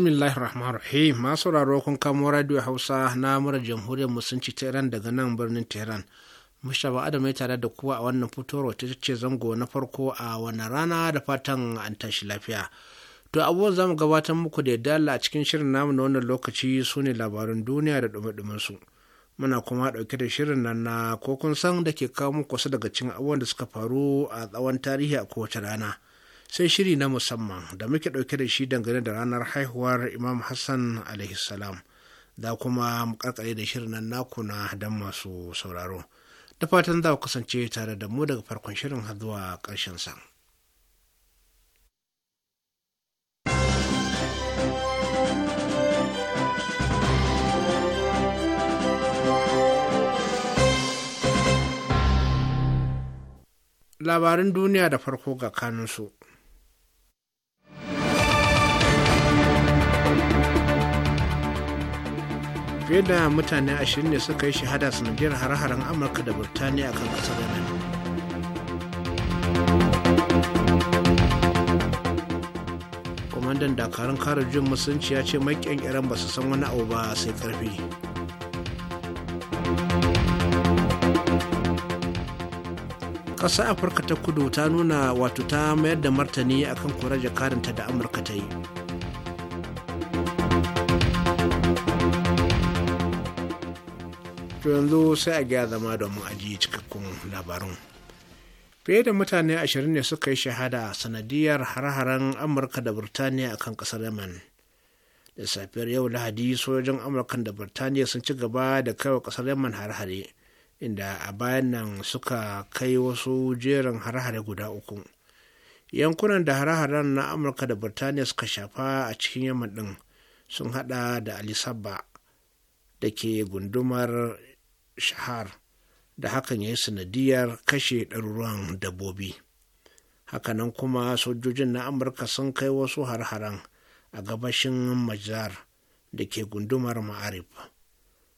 bismillahir rahmanir rahim masu sauraro kun kamo radio hausa na murar jamhuriyar musulunci ta iran daga nan birnin tehran mushaba adam ya tare da kowa a wannan fitowar ta ce zango na farko a wani rana da fatan an tashi lafiya to abubuwan zamu gabatar muku da yadda a cikin shirin namu na wannan lokaci su ne labarin duniya da dume su muna kuma dauke da shirin nan na kokun san da ke kawo muku wasu daga cikin abubuwan da suka faru a tsawon tarihi a kowace rana sai shiri na musamman da muke ɗauke da shi dangane da ranar haihuwar imam hassan salam da kuma mukarkare da shirin nan naku na don masu sauraro da fatan za ku kasance tare da mu daga farkon shirin har zuwa ƙarshen sa. labarin duniya da farko ga kanunsu fiye da mutane ashirin ne suka yi shahada sanadiyar hare-haren amurka da a kan kasar yemen kwamandan dakarun kare jin musulunci ya ce mai iran ba su san wani abu ba sai karfi ƙasar afirka ta kudu ta nuna wato ta mayar da martani akan korar jakarinta da amurka ta yi to yanzu sai a gaya zama domin ajiye cikakkun labarun. fiye da mutane ashirin ne suka yi shahada sanadiyar har-haren amurka da birtaniya akan kasar yaman da safiyar yau lahadi sojojin amurka da birtaniya sun ci gaba da kaiwa kasar yaman har-hare inda a bayan nan suka kai wasu jerin har-hare guda uku yankunan da har-haren na amurka da birtaniya suka shafa a cikin yaman din sun hada da alisabba da ke gundumar shahar da hakan ya yi sanadiyar kashe ɗaruruwan dabbobi hakanan kuma sojojin na amurka sun kai wasu har-haren a gabashin majar da ke gundumar ma'arib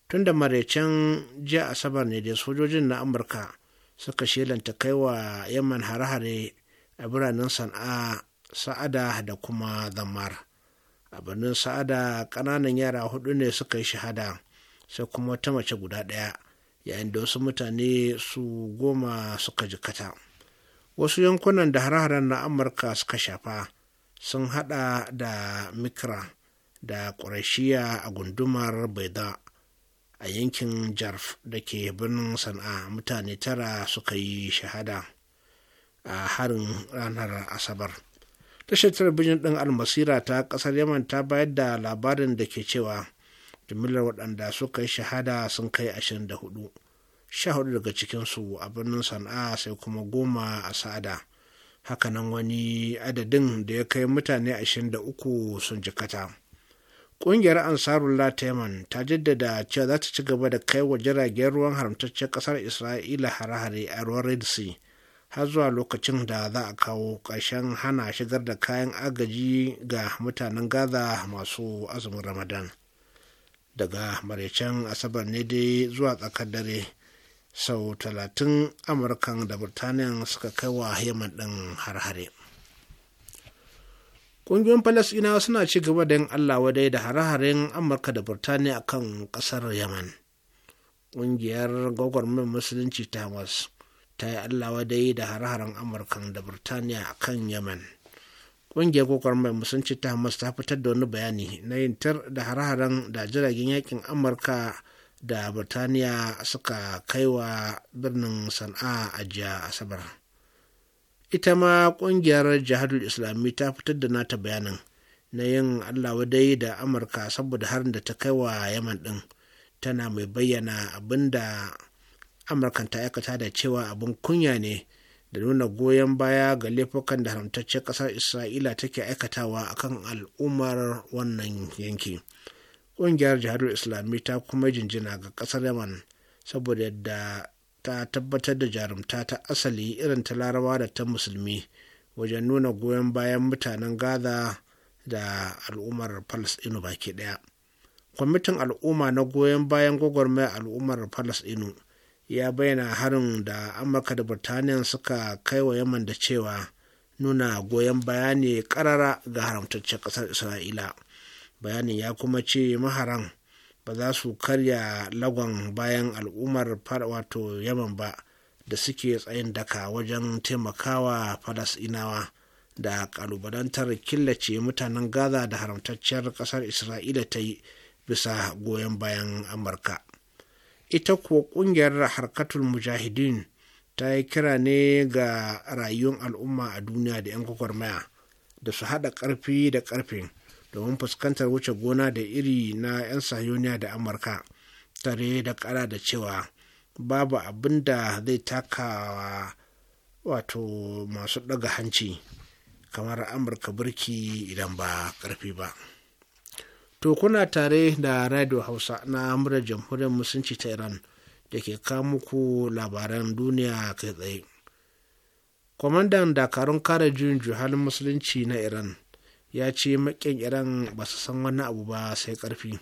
tun da maraicen jiya asabar ne da sojojin na amurka suka shelanta kai wa yaman har hare a biranen sana'a sa'ada da kuma zamar a birnin sa'ada ƙananan yara hudu ne suka yi shahada sai kuma ta mace guda ɗaya yayin da wasu mutane su goma suka jikata wasu yankunan da hare-haren na amurka suka shafa sun hada da mikra da ƙurashiya a gundumar baida a yankin jarf da ke birnin sana'a mutane tara suka yi shahada a harin ranar asabar tashar talabijin ɗin almasira ta ƙasar yaman ta bayar da labarin da ke cewa jimillar waɗanda suka yi shahada sun kai 24 sha hudu daga cikinsu a birnin sana'a sai kuma goma a sa'ada hakanan wani adadin da ya kai mutane 23 sun jikata ƙungiyar ansarullah taiman ta jaddada cewa za ta ci gaba da kai wa jiragen ruwan haramtaccen ƙasar isra'ila hare-hare a ruwan red sea har zuwa lokacin da za a kawo ƙarshen hana shigar da kayan agaji ga mutanen gaza masu azumin ramadan daga maraicen asabar ne dai zuwa tsakar dare sau talatin amurkan da birtaniya suka kai wa yaman ɗin har-hare ƙungiyoyin falasina suna ci gaba da yin allah wadai da hare-haren amurka da birtaniya a kan ƙasar yaman ƙungiyar gwagwarmar musulunci ta ta yi allah wadai da hare-haren amurkan da birtaniya a kan yaman ƙungiyar gwagwarmayar musulunci ta hamas ta fitar da wani bayani na yin tar da hare-haren da jiragen yakin amurka da birtaniya suka kai wa birnin sana'a a jiya asabar ita ma ƙungiyar jihadul islami ta fitar da nata bayanin na yin allah wadai da amurka saboda harin da ta kai wa yaman ɗin tana mai bayyana abin da amurkan ta aikata da cewa abin kunya ne da nuna goyon baya ga laifukan da haramtaccen ƙasar isra'ila take aikatawa a kan al'ummar wannan yanki ƙungiyar jihadar islami ta kuma jinjina ga ƙasar yaman saboda yadda ta tabbatar da jarumta ta asali irin ta larabawa da ta musulmi wajen nuna goyon bayan mutanen gaza da al'ummar palestino baki ɗaya kwamitin al'umma na goyon bayan gwagwarmayar al'ummar palestino ya bayyana harin da amurka da birtaniya suka kai wa yaman da cewa nuna goyon bayani karara ga haramtaccen ƙasar isra'ila bayanin ya kuma ce maharan ba za su karya lagon bayan al'ummar wato yaman ba da suke tsayin daka wajen taimakawa falasinawa da kalubalantar killace mutanen gaza da haramtacciyar ƙasar isra'ila ta yi bisa goyon bayan amurka ita kuwa ƙungiyar harkatul mujahidin ta yi kira ne ga rayuwar al'umma a duniya da 'yan gwagwarmaya da su haɗa ƙarfi da ƙarfin domin fuskantar wuce gona da iri na 'yan sahiyoniya da amurka tare da ƙara da cewa babu abin da zai taka wato masu ɗaga hanci kamar amurka birki idan ba ƙarfi ba. To kuna tare da Radio Hausa na murar jamhuriyar musulunci ta Iran da ke ku labaran duniya kai tsaye. Kwamandan dakarun kare juyin juhalin musulunci na Iran ya ce makin Iran ba su san wani abu ba sai karfi.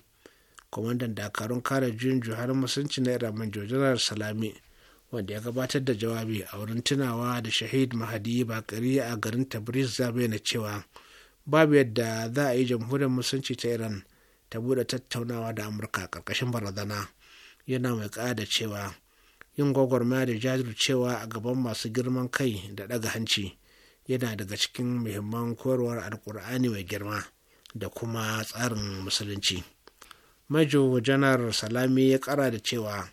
Kwamandan dakarun kare juyin juhalin musulunci na Iran Manjojinar Salami wanda ya gabatar da jawabi a wurin tunawa da shahid Mahadi Bakari a garin Tabriz zabe na cewa. babu yadda za a yi jamhuriyar musulunci ta iran ta bude tattaunawa da amurka ƙarƙashin barazana yana mai ƙada cewa yin gwagwarmaya da jajircewa a gaban masu girman kai da ɗaga hanci yana daga cikin muhimman koyarwar alkur'ani mai girma da kuma tsarin musulunci majo janar salami ya ƙara da cewa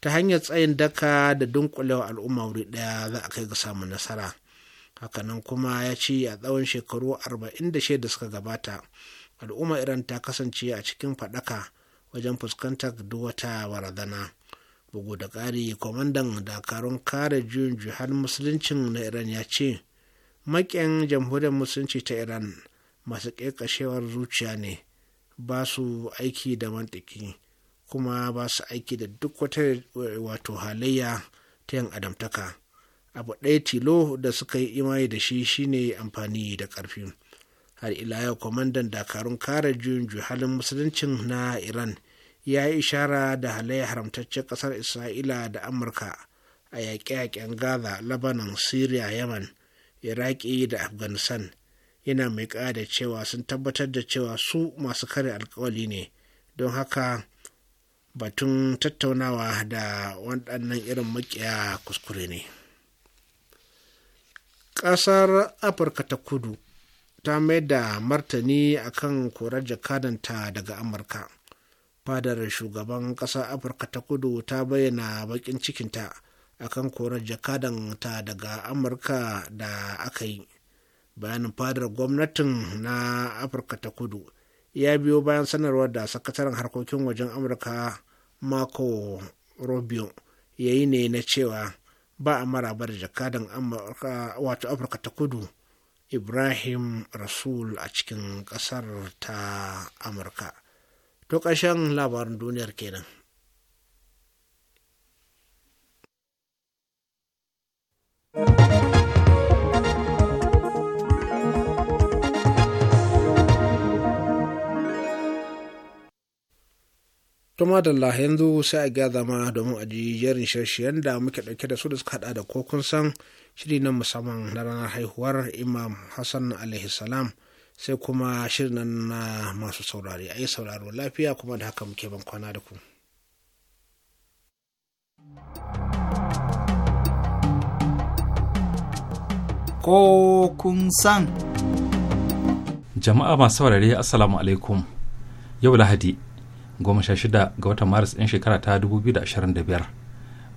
ta hanyar tsayin daka da dunkulewa al'umma wuri ɗaya za a kai ga samun nasara hakanan kuma ya ce a tsawon shekaru arba'in da suka gabata al'umma iran ta kasance a cikin fadaka wajen fuskantar duk wata barazana bugu da ƙari kwamandan dakarun kare juyin juhar musuluncin na iran ya ce maƙiyan jamhuriyar musulunci ta iran masu ƙeƙashewar zuciya ne ba su aiki da mantiki kuma ba su aiki da duk wata halayya ta yin adamtaka abu ɗaya tilo da suka yi imani da shi shine amfani da ƙarfi har ila yau kwamandan dakarun kare juyin halin musuluncin na iran ya yi ishara da halayya haramtaccen ƙasar isra'ila da amurka a yaƙe-yaƙen gaza labanan syria yaman iraki da afghanistan yana mai da cewa sun tabbatar da cewa su masu kare alkawali ne don haka batun tattaunawa da waɗannan irin makiya kuskure ne. ƙasar afirka ta kudu ta mai da martani akan korar jakadanta daga amurka fadar shugaban ƙasar afirka ta kudu ta bayyana baƙin cikinta akan korar jakadanta daga amurka da aka yi bayanin fadar gwamnatin na afirka ta kudu ya biyo bayan sanarwar da sakataren harkokin wajen amurka marco rubio ya ne na cewa ba a maraba da jakadan wato afirka ta kudu ibrahim rasul a cikin kasar ta amurka to ƙarshen labarin duniyar kenan thank you Tuma da yanzu sai a gaza ma domin a ji jerin shirshiyen da muke ɗauke da su da suka haɗa da ko kun san shiri na musamman na ranar haihuwar Imam Hassan alaihi salam sai kuma shirin na masu saurari a yi sauraro lafiya kuma da haka muke ban kwana da ku. Ko kun san. Jama'a masu saurari Assalamu alaikum. Yau Lahadi 16 ga watan maris ɗin shekara ta biyar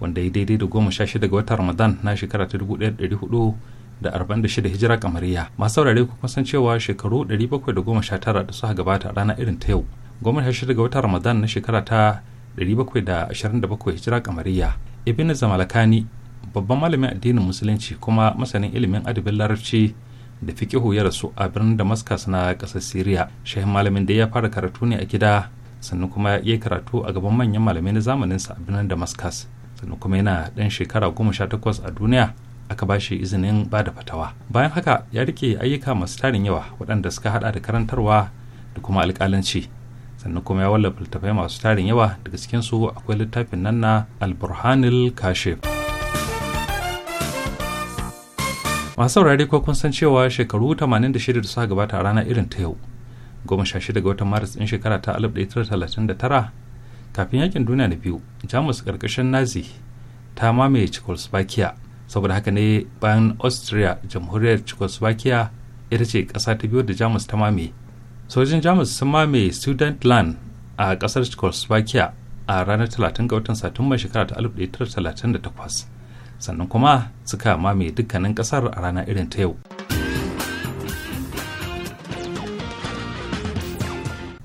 wanda ya daidai da 16 ga watan ramadan na shekara ta 1446 hijira kamariya masu saurare kuma san cewa shekaru 719 da suka gabata a rana irin ta yau 16 ga watan ramadan na shekara ta 727 hijira kamariya ibn zamalakani babban malamin addinin musulunci kuma masanin ilimin adabin larabci da fikihu ya rasu a birnin damascus na ƙasar syria shehin malamin da ya fara karatu ne a gida sannan kuma ya yi karatu a gaban manyan malamai na zamanin zamaninsa a birnin damascus sannan kuma yana dan shekara goma sha takwas a duniya aka ba shi izinin ba da fatawa bayan haka ya rike ayyuka masu tarin yawa waɗanda suka hada da karantarwa da kuma alƙalanci sannan kuma ya wallafa littattafai masu tarin yawa daga cikin su akwai littafin nan na alburhanil kashif masu saurari ko kun san cewa shekaru 86 da suka gabata a rana irin ta yau goma sha shida ga watan maris ɗin shekara ta alif da talatin tara kafin yakin duniya na biyu jamus karkashin nazi ta mamaye czechoslovakia saboda haka ne bayan austria jamhuriyar czechoslovakia ita ce ƙasa ta biyu da jamus ta mamaye sojin jamus sun mamaye land a ƙasar czechoslovakia a ranar talatin ga watan satumba shekara ta alif da talatin takwas sannan kuma suka mamaye dukkanin ƙasar a rana irin ta yau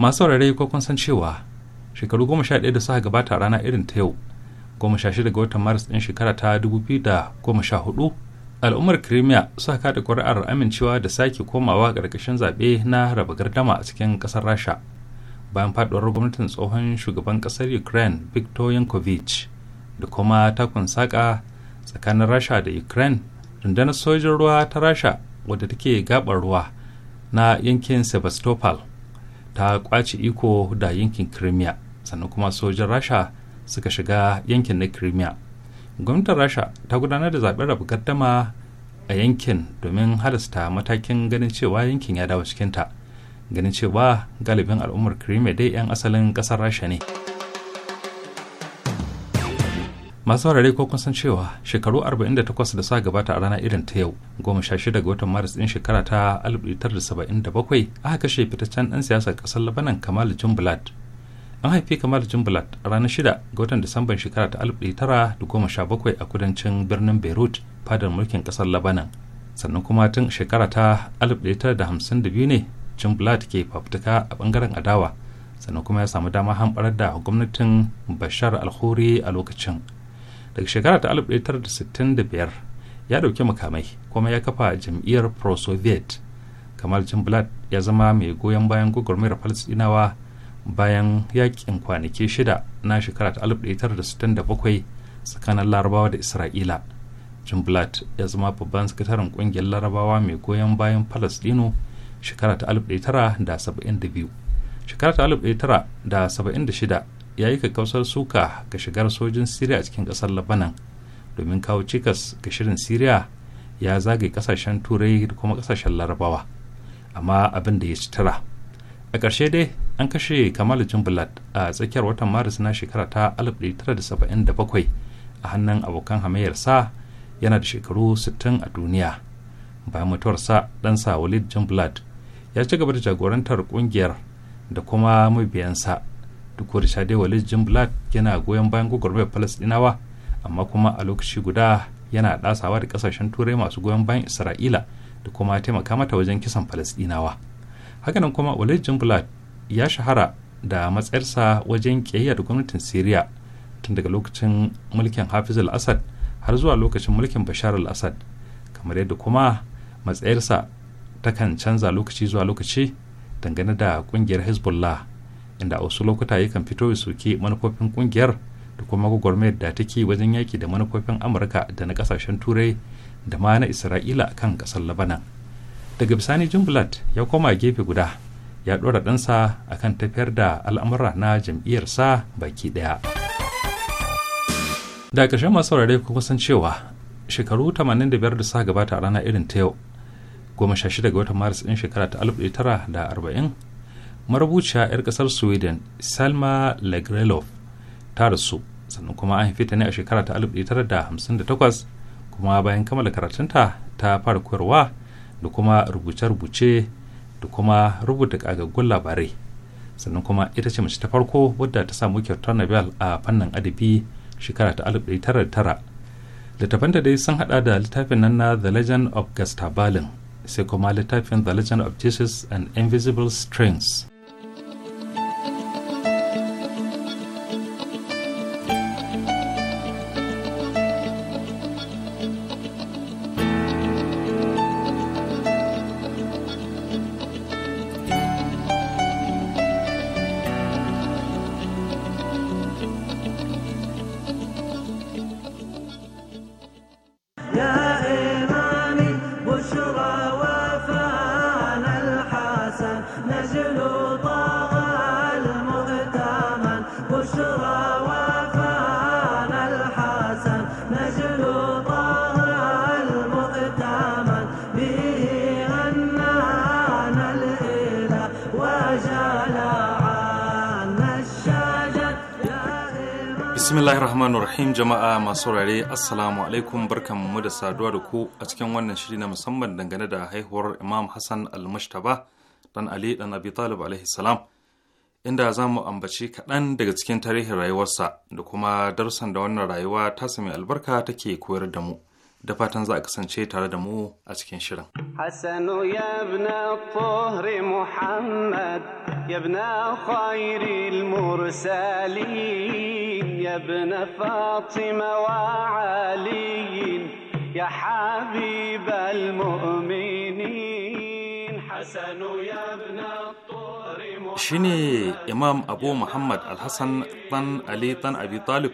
masu saurare ko kun san cewa shekaru goma sha ɗaya da suka gabata a rana irin ta yau goma sha shida ga watan maris ɗin shekara ta dubu biyu da goma sha hudu al'ummar kirimiya suka kada ƙuri'ar amincewa da sake komawa ƙarƙashin zaɓe na raba gardama a cikin ƙasar rasha bayan faɗuwar gwamnatin tsohon shugaban ƙasar ukraine viktor yankovic da kuma takun saƙa tsakanin rasha da ukraine rundunar sojin ruwa ta rasha wadda take gaɓar ruwa na yankin sebastopol ta kwace iko da yankin crimea sannan kuma sojin rasha suka shiga yankin na crimea gwamnatin rasha ta gudanar da zaben rabu gaddama a yankin domin halasta matakin ganin cewa yankin ya dawo cikinta ganin cewa galibin al'ummar crimea dai 'yan asalin ƙasar rasha ne. masu warare ko kun san cewa shekaru 48 da suka gabata a rana irin ta yau 16 ga watan maris din shekara ta 1977 aka kashe fitaccen dan siyasar kasar labanan kamal jumblat an haifi kamal jumblat a ranar 6 ga watan disamban shekara ta 1917 a kudancin birnin beirut fadar mulkin kasar labanan sannan kuma tun shekara ta 1952 ne jumblat ke fafutuka a bangaren adawa sannan kuma ya samu dama hamɓarar da gwamnatin bashar alkhori a lokacin daga shekara ta 1965 ya dauki makamai kuma ya kafa jam'iyyar pro-soviet kamar jim jimblat ya zama mai goyon bayan gwagwarmayar palestinawa bayan yakin kwanaki shida na shekara ta 1967 tsakanin larabawa da isra'ila jimblat ya zama babban sakataren kungiyar larabawa mai goyon bayan palestino shekara ta 1972 1976 ya yi kakkausar suka ga shigar sojin siriya cikin kasar labanan domin kawo cikas ga shirin siriya ya zagaye kasashen turai da kuma kasashen larabawa amma abin da ya ci tara a ƙarshe dai an kashe kamal jimbulat a tsakiyar watan maris na shekara ta 1977 a hannun abokan sa yana da shekaru 60 a duniya bayan mutuwarsa ɗansa walid jimbulat ya ci gaba da jagorantar ƙungiyar da kuma mabiyansa duk wani shade walid jim black yana goyon bayan gwagwarmayar palestinawa amma kuma a lokaci guda yana dasawa da kasashen turai masu goyon bayan isra'ila da kuma taimaka mata wajen kisan palestinawa hakanan kuma walid jim black ya shahara da matsayarsa wajen kiyayya da gwamnatin syria tun daga lokacin mulkin hafiz al-assad har zuwa lokacin mulkin bashar al-assad kamar yadda kuma matsayarsa takan canza lokaci zuwa lokaci dangane da kungiyar hezbollah inda a wasu lokuta yakan fito ya soke manufofin kungiyar da kuma gwagwarmayar da take wajen yaki da manufofin amurka da na kasashen turai da ma na isra'ila kan kasar labanan daga bisani jumblat ya koma gefe guda ya ɗora ɗansa kan tafiyar da al'amura na jam'iyyarsa baki ɗaya da ƙarshen masu saurare kuma san cewa shekaru 85 da suka gabata a rana irin ta yau 16 ga watan maris ɗin shekara ta 1940 marubuciya 'yar kasar sweden salma legrelov ta rasu sannan kuma an haife ta ne a shekara ta 1958 kuma bayan kammala karatunta ta fara koyarwa da kuma rubuce-rubuce da kuma rubuta kagaggun labarai sannan kuma ita ce mace ta farko wadda ta samu kyautar nobel a fannin adabi shekara ta 1909 littafan da dai sun hada da littafin nan na the legend of gustav sai kuma littafin the legend of jesus and invisible strings jama'a masu rare assalamu alaikum barkan mu da saduwa da ku a cikin wannan shiri na musamman dangane da haihuwar imam hassan almushtaba dan ali dan abi talib alaihi salam inda za mu ambaci kaɗan daga cikin tarihin rayuwarsa da kuma darsan da wannan rayuwa ta sami albarka take koyar da mu da fatan za a kasance tare da mu a cikin shirin. ya Muhammad ya khairil mursalin يا ابن فاطمة وعلي يا حبيب المؤمنين حسن يا ابن الطور شيني إمام أبو محمد الحسن طن علي طن أبي طالب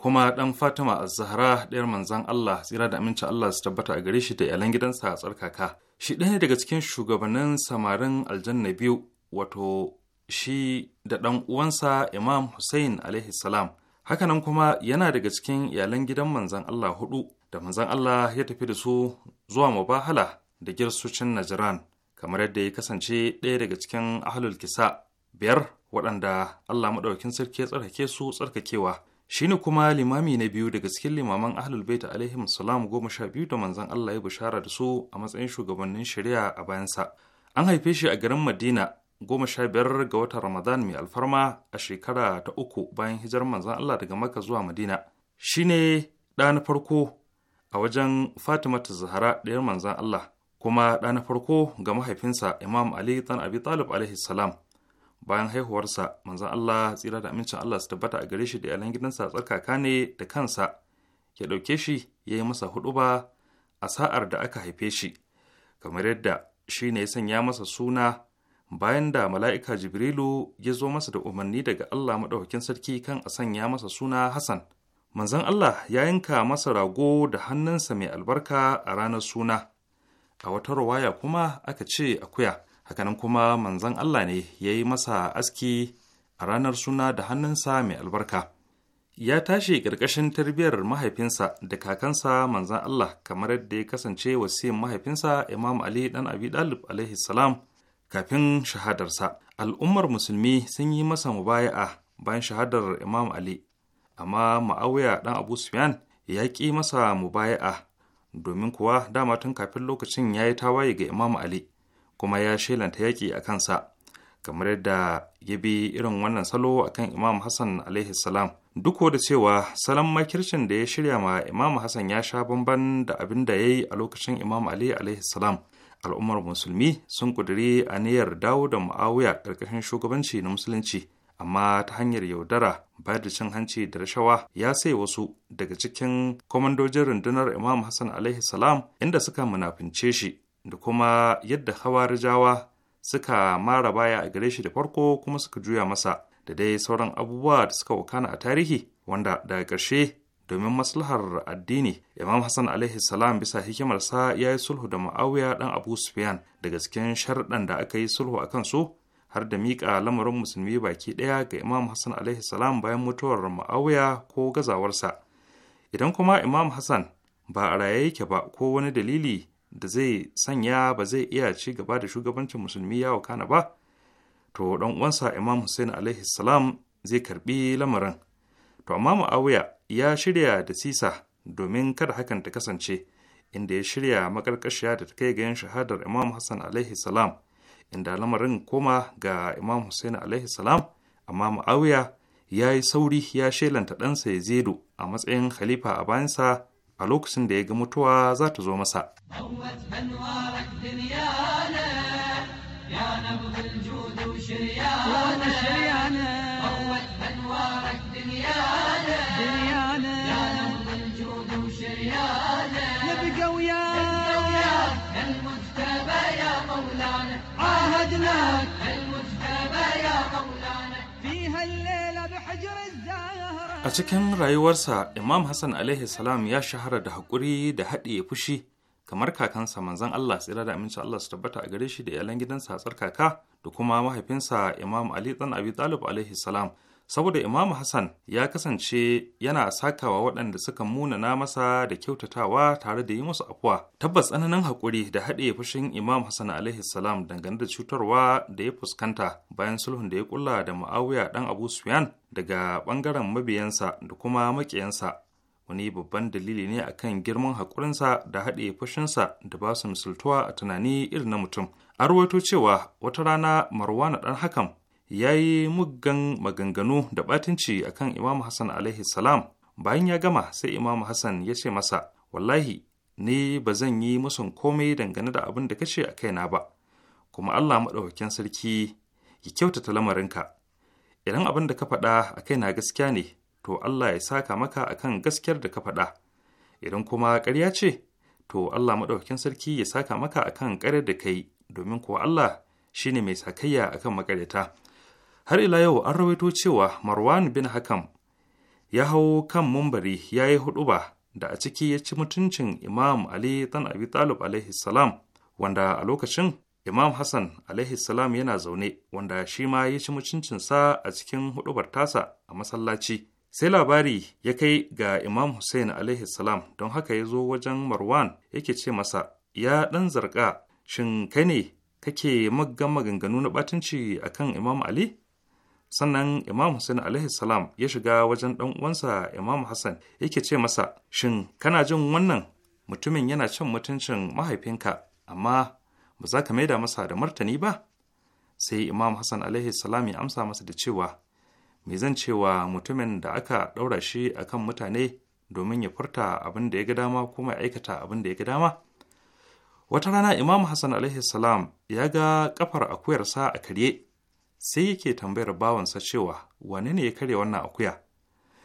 kuma ɗan Fatima a Zahra ɗayar manzan Allah tsira da aminci Allah su tabbata a gare shi da iyalan gidansa a tsarkaka. Shi ɗaya daga cikin shugabannin samarin aljanna biyu wato shi da ɗan uwansa Imam Hussein alaihi salam hakanan kuma yana daga cikin iyalan gidan manzan Allah hudu da manzan Allah ya tafi da su zuwa mubahala da girsucin Najran kamar yadda ya kasance ɗaya daga cikin ahlul kisa biyar waɗanda Allah maɗaukin sarki ya tsarkake su tsarkakewa Shi ne kuma limami na biyu daga cikin limaman ahlul baita alaihim salam goma sha biyu da manzon Allah ya bishara da su a matsayin shugabannin shari'a a bayansa an haife shi a garin Madina goma sha biyar ga watan Ramadan mai alfarma a shekara ta uku bayan hijirar manzon Allah daga Makka zuwa Madina. Shi ne ɗa na farko a wajen Fatima ta Zahara ɗayar manzon Allah, kuma ɗa na farko ga mahaifinsa Imam Ali dan Abi Talib alaihi salam. Bayan haihuwarsa, manzon Allah tsira da amincin Allah su tabbata a gare shi da yalan gidansa tsarkaka ne da kansa. Ya ɗauke shi ya yi masa ba a sa'ar da aka haife shi, kamar yadda shi ne ya sanya masa suna bayan da mala'ika jibrilu ya zo masa da umarni daga allah maɗaukakin sarki kan a sanya masa suna hassan manzon allah ya yanka masa rago da hannunsa mai albarka a ranar suna a wata rawaya kuma aka ce akuya hakanan kuma manzon allah ne ya yi masa aski a ranar suna da hannunsa mai albarka ya tashi ƙarƙashin tarbiyyar mahaifinsa da kakansa manzan Allah kamar yadda ya kasance wasiyin mahaifinsa Imam Ali ɗan Abi Dalib alaihi salam kafin shahadarsa al'ummar musulmi sun yi masa mubaya'a bayan shahadar imam ali amma ma'auya ɗan abu sufyan ya ƙi masa mubaya'a domin kuwa dama tun kafin lokacin ya yi tawaye ga imam ali kuma ya shelanta yaƙi a kansa kamar yadda ya bi irin wannan salo kan imam hassan alaihi salam duk da cewa salon makircin da ya shirya ma imam hassan ya sha bamban da abin da ya yi a lokacin imam ali alaihi salam al'ummar musulmi sun ƙudiri aniyar dawo da mu'awiya ƙarƙashin shugabanci na musulunci amma ta hanyar yaudara bayar da cin hanci da rashawa ya sai wasu daga cikin kwamandojin rundunar imam hassan alaihi salam inda suka munafince shi da kuma yadda hawarijawa suka mara baya a gare shi da farko kuma suka juya masa da dai sauran abubuwa da suka wakana a tarihi wanda daga ƙarshe domin maslahar addini imam hassan alaihi salam bisa hikimarsa ya yi sulhu da ma'auya dan abu sufyan daga cikin sharɗan da aka yi sulhu a kansu har da miƙa lamarin musulmi baki ɗaya ga imam hassan alaihi salam bayan mutuwar ma'auya ko gazawarsa idan kuma imam hassan ba a raye yake ba ko wani dalili da zai sanya ba zai iya ci gaba da shugabancin musulmi ya wakana ba to dan uwansa imam hussein alaihi salam zai karbi lamarin to amma ma'auya. ya shirya da sisa domin kada hakan ta kasance inda ya shirya makarkashiya da ta kai ga yin shahadar imam hassan alaihi salam inda lamarin koma ga imam hussein alaihi salam amma ma'awiya ya yi sauri ya shelanta ɗansa ya zedo a matsayin khalifa a bayansa a lokacin da ya ga mutuwa za ta zo masa. A cikin rayuwarsa, Imam Hassan alaihi salam ya shahara da haƙuri da haɗe fushi kamar kakansa manzan Allah tsira da amincin Allah su tabbata a gare shi da iyalan gidansa a tsarkaka da kuma mahaifinsa Imam Ali dan Abi Talib alaihi salam saboda Imam Hassan ya kasance yana sakawa waɗanda suka munana masa da kyautatawa tare da yi musu afuwa. Tabbas tsananin haƙuri da haɗe fushin Imam Hassan alaihi salam dangane da cutarwa da ya fuskanta bayan sulhun da ya kulla da ma'awiya ɗan Abu suyan daga ɓangaren mabiyansa da kuma maƙiyansa wani babban dalili ne akan girman haƙurinsa da haɗe fushinsa da ba su misaltuwa a tunani irin na mutum. A rawaito cewa wata rana Marwana ɗan hakan ya yi muggan maganganu da batunci akan Imam Hassan alaihi salam bayan ya gama sai Imam Hassan ya ce masa wallahi ni ba zan yi musun komai dangane da abin da kace a kaina ba kuma Allah maɗaukakin sarki ya kyautata lamarinka idan abin da ka faɗa a na gaskiya ne to Allah ya saka maka akan gaskiyar da ka faɗa idan kuma ƙarya ce to Allah maɗaukakin sarki ya saka maka akan ƙarar da kai domin kuwa Allah shine mai sakayya akan maƙaryata har ila yau an rawaito cewa marwan bin hakam ya hau kan mumbari ya yi huɗuba da a ciki ya ci mutuncin imam ali dan abi talib alaihi salam wanda a lokacin imam hassan alaihi salam yana zaune wanda shi ma ya ci mutuncinsa a cikin huɗubar tasa a masallaci sai labari ya kai ga imam hussein alaihi salam don haka ya zo wajen marwan yake ce masa ya ɗan zarga shin kai ne kake maga maganganu na batunci akan imam ali sannan imam hussein alaihi salam ya shiga wajen ɗan uwansa imam hassan yake ce masa shin kana jin wannan mutumin yana cin mutuncin mahaifinka amma ba za ka maida masa da martani ba sai imam hassan alaihi salam ya amsa masa da cewa me zan cewa mutumin da aka ɗaura shi akan mutane domin ya furta abin da ya ga dama kuma ya aikata abin da ya ga dama wata rana imam hassan alaihi salam ya ga kafar akuyarsa a karye sai yake tambayar bawansa cewa wane ne ya karya wannan akuya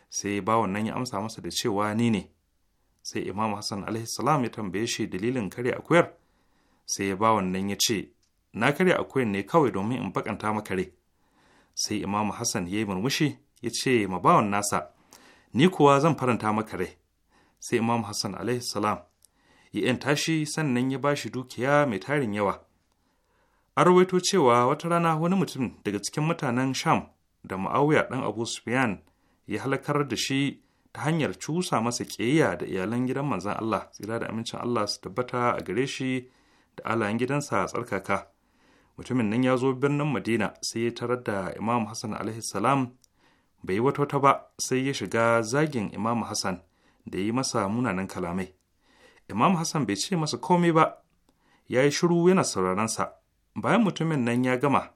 sai bawan nan ya amsa masa da cewa ni ne sai imam hassan alaihi ya tambaye shi dalilin karya akuyar sai bawan nan ya ce na karya akuyar ne kawai domin in bakanta maka rai sai imam hassan ya yi murmushi ya ce ma bawan nasa ni kuwa zan faranta maka rai sai imam hassan alaihi ya yan tashi sannan ya bashi dukiya mai tarin yawa An rawaito cewa wata rana wani mutum daga cikin mutanen Sham da Muawiya ɗan Abu Sufyan ya halakar da shi ta hanyar cusa masa ƙeya da iyalan gidan manzan Allah tsira da amincin Allah su tabbata a gare shi da alayen gidansa a tsarkaka. Mutumin nan ya zo birnin Madina sai ya tarar da Imam Hassan alaihi salam bai yi wata wata ba sai ya shiga zagin Imam Hassan da ya yi masa munanan kalamai. Imam Hassan bai ce masa komai ba, ya yi shiru yana sauraron sa bayan mutumin nan ya gama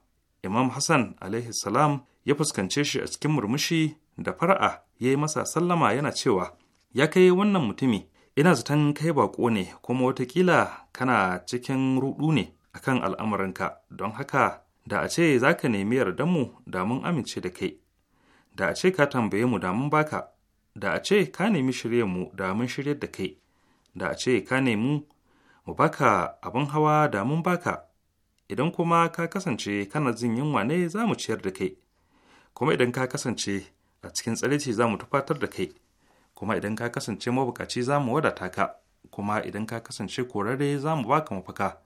imam hassan alaihi salam ya fuskance shi a cikin murmushi da fara'a ya yi masa sallama yana cewa ya kai wannan mutumi ina zaton kai bako ne kuma watakila kana cikin rudu ne akan al'amuranka don haka da a ce za ka nemi yardanmu da mun amince da kai da a ce ka tambaye mu da mun baka da a ce ka nemi mu da mun shiryar da kai da a ce ka nemi mu baka abin hawa da mun baka idan kuma ka kasance kana jin yunwa ne za mu ciyar da kai kuma idan ka kasance a cikin tsalici za mu tufatar da kai kuma idan ka kasance mabukaci za mu wadata ka kuma idan ka kasance korare za mu baka mafaka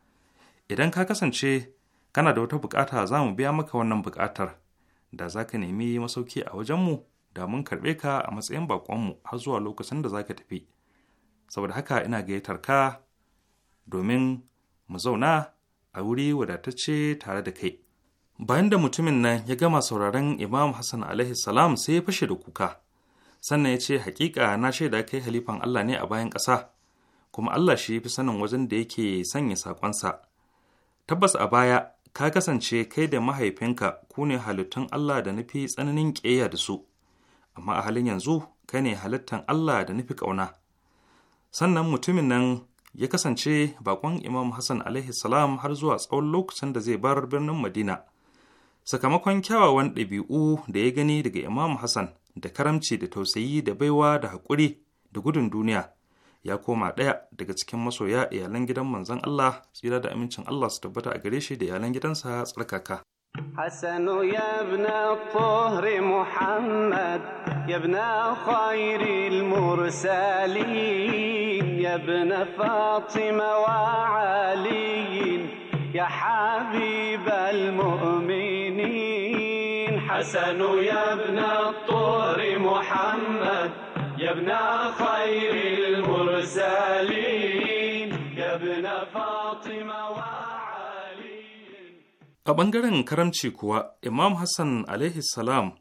idan ka kasance kana da wata bukata za mu biya maka wannan bukatar da za ka nemi masauki a wajenmu da mun karɓe ka a matsayin baƙonmu har zuwa lokacin da za ka tafi saboda haka ina gayyatar ka domin mu zauna a wuri wadatacce tare da kai bayan da mutumin nan ya gama sauraron imam hassan alaihi salam sai ya fashe da kuka sannan ya ce hakika na shaida kai halifan allah ne a bayan ƙasa kuma allah shi fi sanin wajen da yake sanya saƙonsa tabbas a baya ka kasance kai da mahaifinka ku ne halittun allah da nufi tsananin ƙeya da su amma a halin yanzu kai ne halittan allah da nufi ƙauna sannan mutumin nan ya kasance bakon imam hassan alaihi salam har zuwa tsawon lokacin da zai bar birnin madina sakamakon kyawawan ɗabi'u da ya gani daga imam hassan da karamci da tausayi da baiwa da haƙuri da gudun duniya ya koma ɗaya daga cikin masoya iyalan gidan manzon allah tsira da amincin allah su tabbata a gare shi da iyalan gidansa tsarkaka حسن يا ابن الطهر محمد يا ابن خير المرسلين يا ابن فاطمة وعلي يا حبيب المؤمنين حسن يا ابن الطهر محمد يا ابن خير المرسلين يا ابن فاطمة A ɓangaren karamci kuwa, Imam Hassan alaihi salam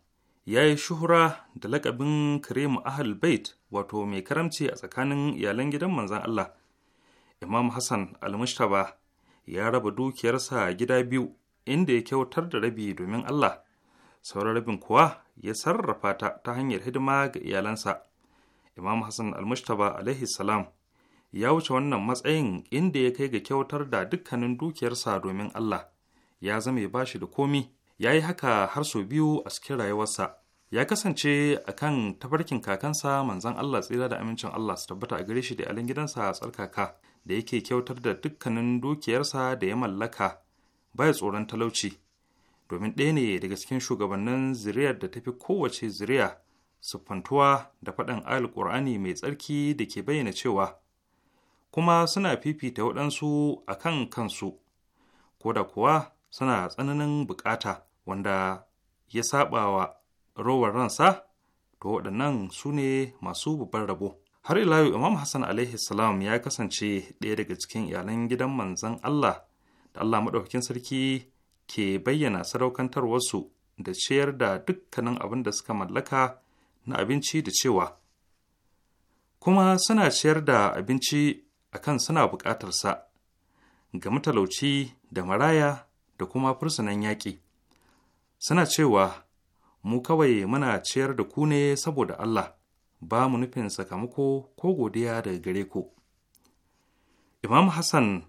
ya yi shuhura da lakabin Karim Ahal Bait wato mai karamci a tsakanin iyalan gidan manzan Allah. Imam Hassan almushtaba ya raba dukiyarsa gida biyu inda ya kyautar da rabi domin Allah, sauran rabin kuwa ya sarrafa ta ta hanyar hidima ga iyalansa. Imam Hassan almushtaba alaihi salam ya wuce wannan matsayin inda ya kai ga kyautar da dukkanin dukiyarsa domin Allah. ya zama ba shi da komi ya yi haka har sau biyu a cikin rayuwarsa ya kasance a kan tafarkin kakansa manzan Allah tsira da amincin Allah su tabbata a gare shi da alin gidansa a tsarkaka da yake kyautar da dukkanin dukiyarsa da ya mallaka baya tsoron talauci domin ɗaya ne daga cikin shugabannin ziriyar da tafi kowace ziriya siffantuwa da faɗin alƙur'ani mai tsarki da ke bayyana cewa kuma suna fifita waɗansu a kan kansu ko da kuwa suna tsananin bukata wanda ya saba wa rowar ransa to waɗannan su ne masu babban rabo har ila imam hassan alaihi salam ya kasance ɗaya daga cikin iyalan gidan manzon allah da allah maɗaukakin sarki ke bayyana sadaukantarwarsu da ciyar da dukkanin abin da suka mallaka na abinci da cewa kuma suna ciyar da abinci akan suna bukatarsa ga matalauci da maraya da kuma fursunan yaƙi suna cewa mu kawai muna ciyar da ku ne saboda Allah ba mu nufin sakamako ko godiya daga gare ku imam hassan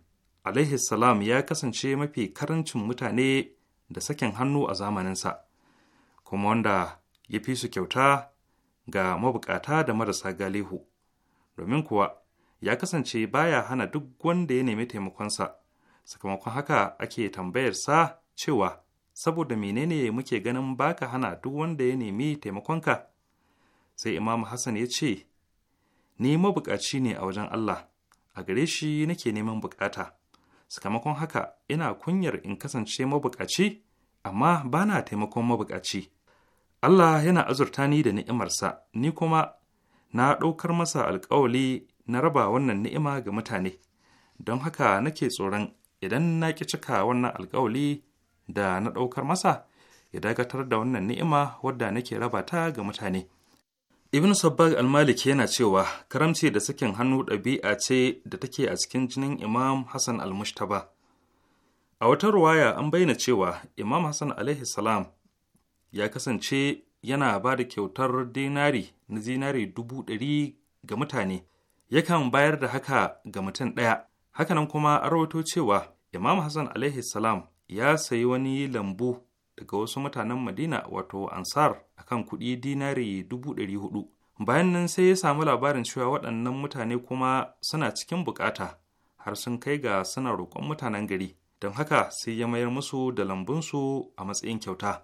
alaihi salam ya kasance mafi karancin mutane da sakin hannu a zamaninsa kuma wanda ya fi su kyauta ga mabukata da marasa galihu domin kuwa ya kasance baya hana duk wanda ya nemi taimakonsa sakamakon haka ake tambayar sa cewa saboda menene muke ganin baka hana duk wanda ya nemi taimakonka sai imamu hassan ya ce ni mabukaci ne a wajen allah a gare shi nake neman bukata sakamakon haka ina kunyar in kasance mabukaci amma ba na taimakon mabukaci allah yana azurta ni da ni'imarsa ni kuma na ɗaukar masa alkawali na raba wannan ni'ima ga mutane don haka nake tsoron idan na ki cika wannan alkawali da na ɗaukar masa ya dakatar da wannan ni'ima wadda nake raba ta ga mutane ibn sabbag al-maliki yana cewa karamci da sakin hannu ɗabi'a ce da take a cikin jinin imam hassan al-mushtaba a wata ruwaya an bayyana cewa imam hassan alaihi salam ya kasance yana ba da kyautar dinari na zinari dubu ɗari ga mutane yakan bayar da haka ga mutum ɗaya hakanan kuma a rawato cewa imam hassan alaihi salam ya sayi wani lambu daga wasu mutanen madina wato ansar a kan kuɗi dinari dubu ɗari hudu bayan nan sai ya samu labarin cewa waɗannan mutane kuma suna cikin bukata har sun kai ga suna roƙon mutanen gari don haka sai ya mayar musu da lambunsu a matsayin kyauta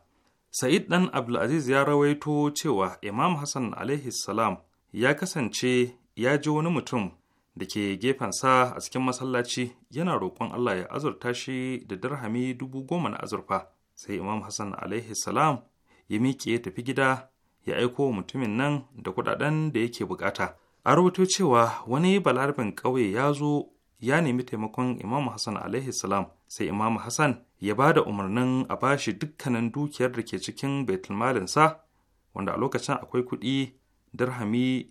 sa'id ɗan abdulaziz ya rawaito cewa imam hassan alaihi salam ya kasance ya ji wani mutum da ke gefensa a cikin masallaci yana roƙon Allah ya azurta shi da dirhami dubu goma na azurfa sai imam hassan alaihi salam ya miƙe tafi gida ya aiko mutumin nan da kuɗaɗen da yake bukata a rubuto cewa wani balarabin ƙauye ya zo ya nemi taimakon imam hassan alaihi salam sai imam hassan ya ba da umarnin a bashi dukkanin dukiyar da ke cikin baitulmalinsa wanda a lokacin akwai kuɗi dirhami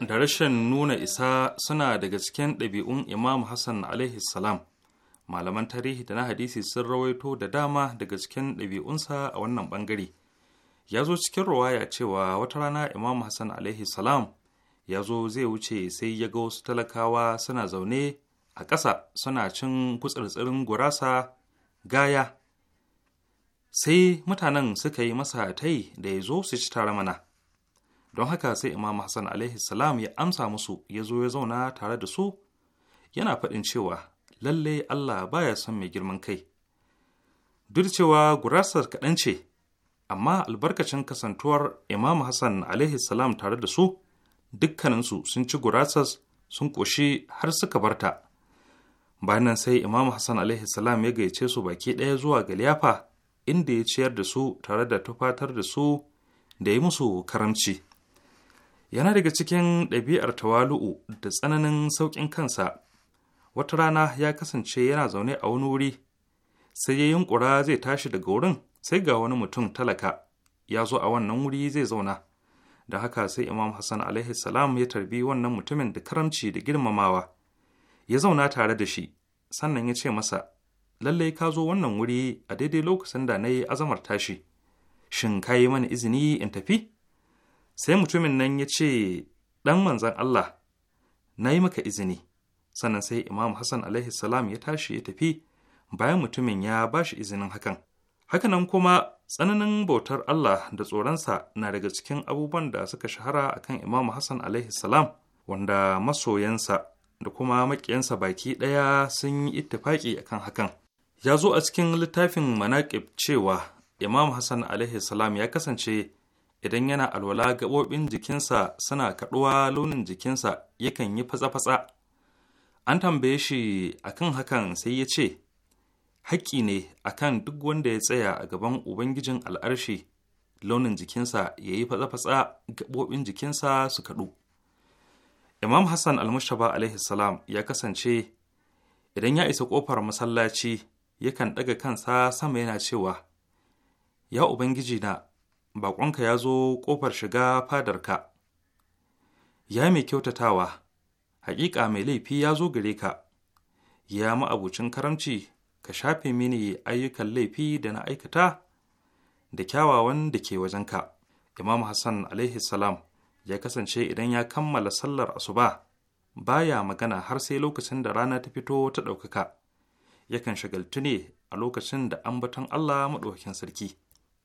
da rashin nuna isa suna daga cikin ɗabi'un Imam Hassan alaihi salam. Malaman tarihi da na hadisi sun rawaito da dama daga cikin ɗabi'unsa a wannan ɓangare. Ya zo cikin ruwaya cewa wata rana Imam Hassan alaihi salam ya zo zai wuce sai ya ga wasu talakawa suna zaune a ƙasa suna cin kutsirtsirin gurasa gaya. Sai mutanen suka yi masa tai da ya zo su ci tara mana. don haka sai imam hassan alaihi salam ya amsa musu ya zo ya zauna tare da su yana faɗin cewa lalle allah baya son mai girman kai duk cewa gurasar kaɗan ce amma albarkacin kasantuwar imam hassan alaihi salam tare da su dukkaninsu sun ci gurasas sun ƙoshi har suka barta bayan nan sai imam hassan alaihi salam ya gayyace su baki ɗaya zuwa ga liyafa inda ya ciyar da su tare da tufatar da su da yi musu karamci yana daga cikin ɗabi'ar tawalu'u da tsananin sauƙin kansa wata rana ya kasance yana zaune a wani wuri sai ya ƙura zai tashi daga wurin sai ga wani mutum talaka ya zo a wannan wuri zai zauna da haka sai imam hassan alaihi salam ya tarbi wannan mutumin da karamci da girmamawa ya zauna tare da shi sannan ya ce masa lallai ka zo wannan wuri a daidai lokacin da na yi azamar tashi shin ka yi mana izini in tafi sai mutumin nan ya ce ɗan manzan Allah na yi maka izini sannan sai imam hassan alaihi ya tashi ya tafi bayan mutumin ya ba shi izinin hakan hakanan kuma tsananin bautar Allah da tsoronsa na daga cikin abubuwan da suka shahara akan imam hassan alaihi wanda masoyansa da kuma maƙiyansa baki ɗaya sun yi ittifaƙi kan hakan ya zo a cikin littafin manaƙib cewa imam hassan alaihi ya kasance idan yana alwala gaɓoɓin jikinsa suna kaɗuwa launin jikinsa yakan yi fatsa-fatsa an tambaye shi akan hakan sai ya ce haƙƙi ne akan duk wanda ya tsaya a gaban ubangijin al'arshi launin jikinsa ya yi fatsa-fatsa gaɓoɓin jikinsa su kaɗu imam hassan almushaba alaihi salam ya kasance idan ya isa ƙofar masallaci yakan ɗaga kansa sama yana cewa ya ubangiji na baƙonka ya zo ƙofar shiga fadarka. Ya mai kyautatawa, haƙiƙa mai laifi ya zo gare ka, ya ma'abucin karamci ka shafe mini ayyukan laifi da na aikata da kyawawan da ke wajenka. Imam Hassan alaihi salam ya kasance idan ya kammala sallar asuba baya magana har sai lokacin da rana ta fito ta ɗaukaka. Yakan shagaltu ne a lokacin da an ambaton Allah maɗaukakin sarki.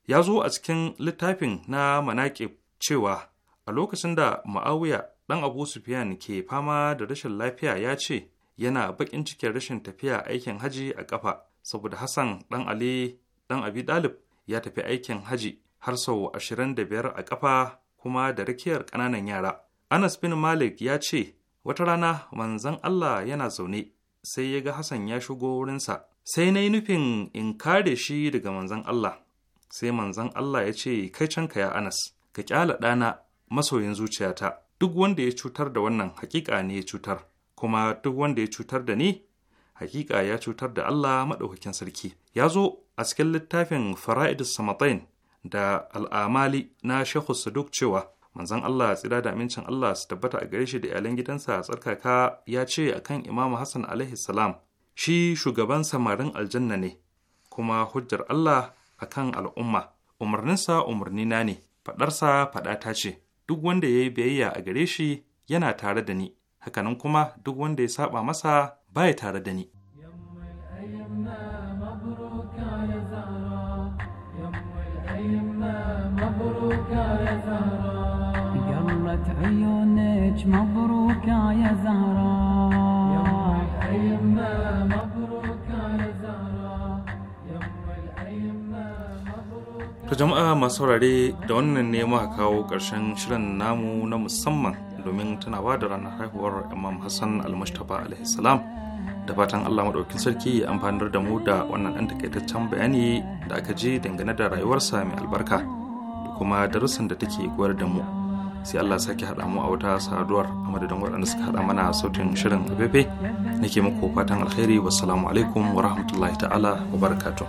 ya zo a cikin littafin na manaƙib cewa a lokacin da ma'awiya ɗan abu sufiyan ke fama da rashin lafiya ya ce yana baƙin cikin rashin tafiya aikin haji a ƙafa saboda hassan ɗan ali ɗan abi ɗalib ya tafi aikin haji har sau ashirin da biyar a ƙafa kuma da rakiyar ƙananan yara anas bin malik ya ce wata rana manzon allah yana zaune sai ya ga hassan ya shigo wurinsa sai na yi nufin in kare shi daga manzon allah sai manzon Allah ya ce kai canka ya Anas ka kyala ɗana masoyin zuciyata duk wanda ya cutar da wannan hakika ne ya cutar kuma duk wanda ya cutar da ni hakika ya cutar da Allah maɗaukakin sarki ya zo a cikin littafin fara'idus samatain da al'amali na shehu saduk cewa manzon Allah tsira da amincin Allah su tabbata a gare shi da iyalan gidansa a tsarkaka ya ce akan Imam Hassan alaihi salam shi shugaban samarin aljanna ne kuma hujjar Allah a kan al'umma umarninsa umarnina ne faɗarsa faɗata ce duk wanda ya yi biyayya a gare shi yana tare da ni hakanan kuma duk wanda ya saba masa baya tare da ni مبروك To jama'a masu saurare da wannan ne muka kawo ƙarshen shirin namu na musamman domin tunawa da ranar haihuwar Imam Hassan Al-Mustafa alaihi salam da fatan Allah maɗaukin sarki ya amfanar da mu da wannan ɗan takaitaccen bayani da aka ji dangane da rayuwarsa mai albarka da kuma darussan da take koyar da mu. Sai Allah sake haɗa mu a wata saduwar a madadin waɗanda suka haɗa mana sautin shirin a nake muku fatan alheri wassalamu alaikum wa rahmatullahi ta'ala wa barakatuh.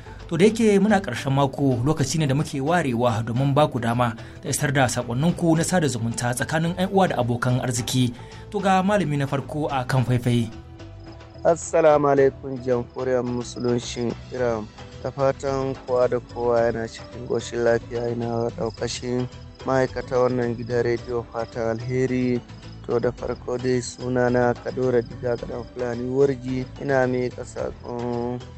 To da yake muna ƙarshen mako lokaci ne da muke warewa domin ba ku dama da isar da sakonninku na sada zumunta tsakanin 'yan uwa da abokan arziki. To ga malami na farko a kan faifai. Assalamu alaikum jamhuriyar Musulunci Iran. Ta fatan kowa da kowa yana cikin goshin lafiya yana ɗaukashin ma'aikata wannan gidan rediyo fatan alheri To da farko dai suna na Kadora Diga Gadan Fulani Warji ina mai kasa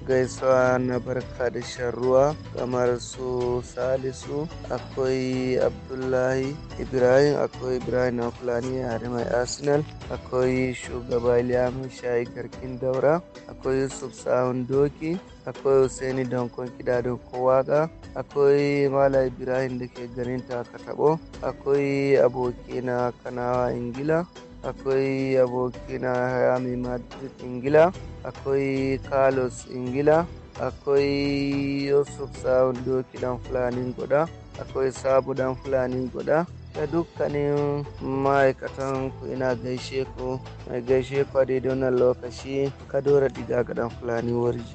gaisuwa na barka da sharruwa ruwa kamar su Salisu akwai Abdullahi Ibrahim akwai Ibrahim na Fulani a mai Arsenal akwai shugaba Ilyamu Shayi Garkin Daura akwai Yusuf Sahun Doki akwai Hussaini Dankon kiɗa ko waƙa, akwai Mala Ibrahim da ke garin Takatabo, akwai abokina Kanawa Ingila, akwai abokina Hayami Madrid Ingila, akwai Carlos Ingila, akwai Yusuf Doki dan Fulani Goda, akwai Sabu dan Fulani Goda, da dukkanin ma'aikatan ku ina gaishe ku mai gaishe ku a daidai wannan lokaci dora diga ga dan fulani warji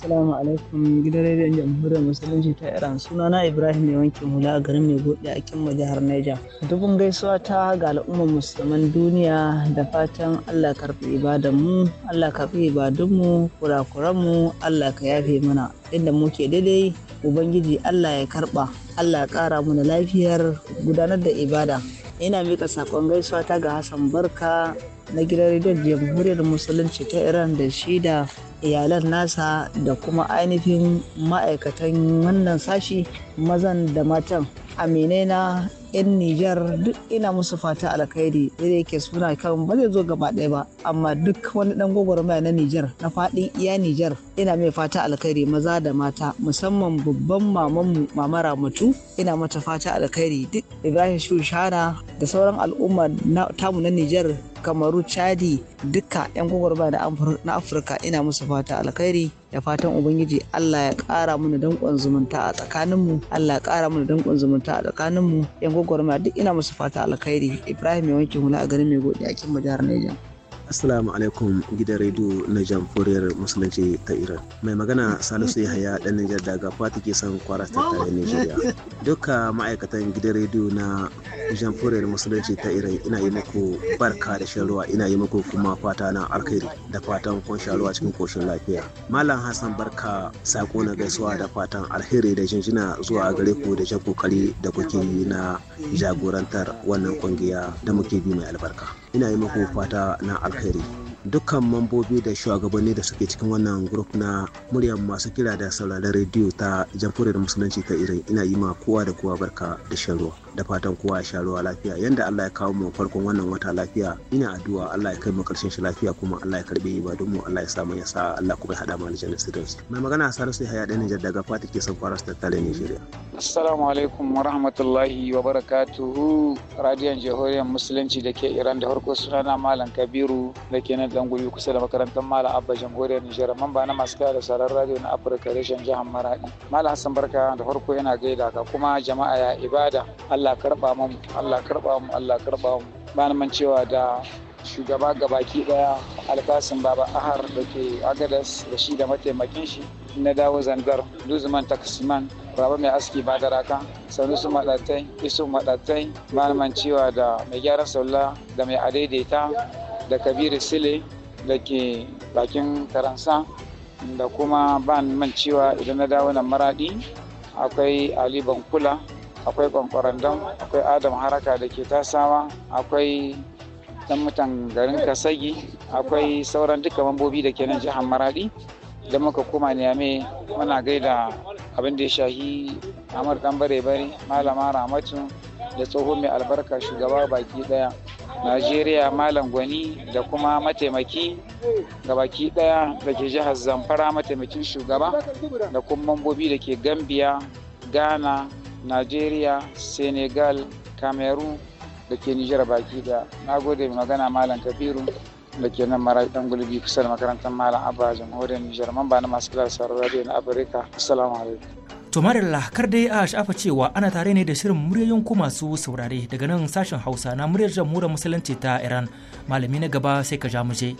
Assalamu alaikum gidan rediyon jamhuriyar musulunci ta Iran sunana Ibrahim ne wankin hula a garin Maigode a Kimma jihar Niger. Dubun gaisuwa ta ga al'ummar musulman duniya da fatan Allah karɓi ibadan mu, Allah karfi ibadun mu, kurakuran mu, Allah ka yafe mana. Inda muke daidai Ubangiji Allah ya karɓa, Allah ya mu da lafiyar gudanar da ibada. Ina mika saƙon gaisuwa ta ga Hassan Barka na gidan rediyon jamhuriyar musulunci ta iran da shi da iyalan nasa da kuma ainihin ma'aikatan wannan sashi mazan da matan aminai na 'yan Nijar duk ina musu fata alkhairi da yake suna kan ba zai zo gaba ɗaya ba amma duk wani dan gwagwarmaya na Nijar na faɗin iya Nijar ina mai fata alkhairi maza da mata musamman babban mamanmu mamara Ramatu ina mata fata alkhairi duk Ibrahim Shushana da sauran al'umma tamu na Nijar kamaru chadi duka 'yan gwagwarma na afirka ina musu fata alkhairi da fatan ubangiji allah ya kara mana danƙon zumunta a tsakaninmu allah ya kara mana danƙon zumunta a tsakaninmu 'yan gwagwarma duk ina musu fata alkhairi ibrahim ya wanke hula a garin mai godiya kin jihar niger Assalamu alaikum gidan rediyo na jamhuriyar musulunci ta Iran. Mai magana Salisu Yahaya dan Nijar daga Fati ke san kwara ta tare Nijeriya. Duka ma'aikatan gidan rediyo na jamhuriyar musulunci ta Iran ina yi muku barka da shan ruwa ina yi muku kuma fata na alkhairi da fatan kun sha ruwa cikin koshin lafiya. Malam Hassan barka sako na gaisuwa da fatan alheri da jinjina zuwa gare ku da jan kokari da kuke yi na jagorantar wannan kungiya da muke bi mai albarka. ina yi maku fata na alheri dukkan mambobi da shugabanni da suke cikin wannan grup na muryar masu kira da sauraron rediyo ta jamhuriyar musulunci ta irin ina yi ma kowa da kowa barka da shan ruwa da fatan kowa ya sha ruwa lafiya yanda Allah ya kawo mu farkon wannan wata lafiya ina addu'a Allah ya kai mu karshen shi lafiya kuma Allah ya karbe ibadun mu Allah ya sa mu ya sa Allah kuma ya hada mu aljanna sirrinsu mai magana a Salisu haya a Nijar daga Fati ke son kwaras tattalin Nigeria Assalamu alaikum wa rahmatullahi wa barakatuhu radiyon jihohiyar musulunci da ke Iran da suna na Malam Kabiru da ke nan Dangulu kusa da makarantar Malam Abba jamhuriyar Nijar mamba na masu da sarar radio na Afirka reshen jihar Maradi Malam Hassan Barka da farko yana gaida ka kuma jama'a ya ibada Allah karba mu Allah karba mu Allah karba mu ba man cewa da shugaba gabaki daya alkasin baba ahar da ke agadas da shi da mataimakin shi na dawo zangar luzman taksiman raba mai aski ba da raka su maɗatai isu maɗatai man cewa da mai gyaran saula da mai adaidaita da kabiru sile da ke bakin karansa da kuma ban man cewa idan na dawo nan maraɗi akwai ali bankula akwai kwankwarandam akwai adam haraka da ke tasawa akwai dan mutan garin kasagi akwai sauran duka mambobi da ke nan jihar maradi da muka koma niyame muna gaida abin da ya shahi amur dan bare bare malama ramatu da tsohon mai albarka shugaba baki daya najeriya malam gwani da kuma mataimaki ga baki daya da ke jihar zamfara mataimakin shugaba da kuma mambobi da ke gambiya ghana najeriya senegal cameroon da ke nijar baki da na gode magana malam kabiru da ke nan mara dan gulbi kusa da makarantar malam abba jamhuriyar nijar mamba na masu kula da sauran radio na afirka assalamu alaikum To da kar dai a shafa cewa ana tare ne da shirin muryoyin ku masu saurare daga nan sashen Hausa na muryar jamhuriyar musulunci ta Iran. Malami na gaba sai ka ja je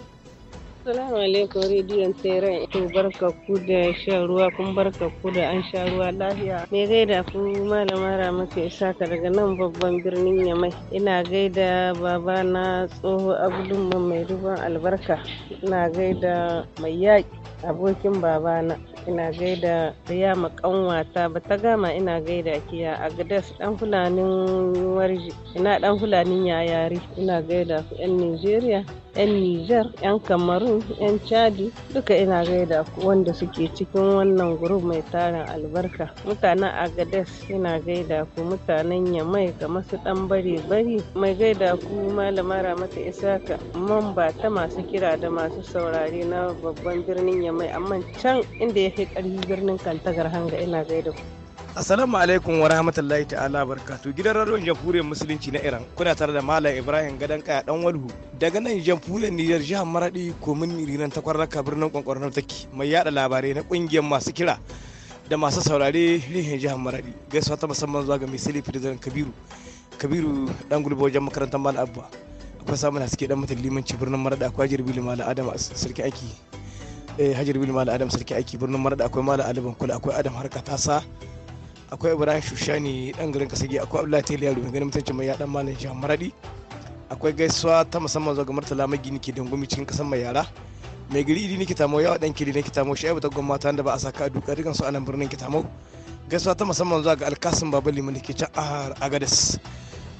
salamu alaikum rediyon tseren to barka ku da shan ruwa kun barka ku da an sha ruwa lafiya. Me gaida ku malama Ramatu Isaka daga nan babban birnin Yamai. Ina gaida baba na tsoho Abdul mai ruwan albarka. Ina gaida mai yaƙi abokin babana ina gaida ya makanwata ba ta gama ina gaida kiya a gadas ɗan fulanin warji ina dan fulanin yayari ina gaida ku yan nigeria yan niger yan cameroon yan chadi duka ina gaida ku wanda suke cikin wannan guruf mai tarin albarka mutanen agades ina gaida ku mutanen yamai kamar su dan bare bari mai gaida ku malama ramata isaka mamba ta masu kira da masu saurare na babban birnin mai amma can inda ya fi ƙarfi birnin kantagar hanga ina gaida ku. Assalamu alaikum wa rahmatullahi ta'ala barkatu gidan radiyon jamhuriyar musulunci na Iran kuna tare da Malam Ibrahim Gadan Kaya dan Walhu daga nan jamhuriyar Niger jihar Maradi komin Rinan kwarraka birnin kwankwarnar take mai yada labarai na kungiyar masu kira da masu saurare rihin jihar Maradi gaisuwa ta musamman zuwa ga mai silifi da Kabiru Kabiru dan gulbo wajen makarantar Malam Abba akwai samun suke dan mutum limanci birnin Maradi akwai jirbi malam Adam sarki aiki Eh, hajar bil malam adam sarki aiki birnin marada akwai malam adam kula akwai adam harka tasa akwai ibrahim shushani dan garin kasage akwai abdullahi tele yaro mai ganin mutuncin mai dan malam jihar maradi akwai gaisuwa ta musamman zuwa ga martala magini ke dangumi cikin kasan mai yara mai gari idi nake tamo yawa dan kiri nake tamo shaibu tagon mata wanda ba a saka duka dukan su a nan birnin kitamo gaisuwa ta musamman zuwa ga alkasim babali liman ke can a agadas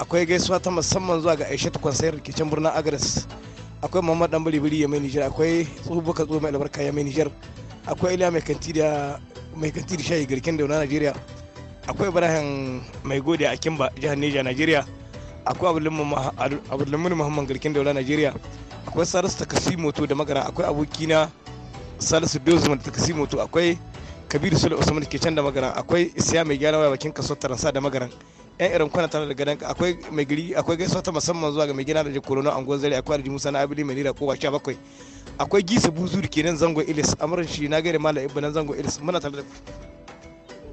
akwai gaisuwa ta musamman zuwa ga ta kwansayar ke can birnin agadas akwai muhammad dan biri ya mai nijar akwai ka tsubu mai albarka ya mai nijar akwai iliya mai kanti da mai kanti da shayi garkin dauna najeriya akwai ibrahim mai gode a kimba jihar neja najeriya akwai abdulmumin muhammad garkin daula najeriya akwai salisu takasi moto da magana akwai abokina salisu dozman takasi moto akwai kabiru sule usman ke can da magana akwai isiya mai gyara waya bakin kaso taransa da magaran yan irin kwana tana da gadon akwai mai giri akwai gaisuwa ta musamman zuwa ga mai gina da jikolono angon zari akwai alhaji musa na abili mai nira kowa sha bakwai akwai gisa buzu da kenan zango ilis amurin shi na gari malam ibanan zango ilis muna tare da ku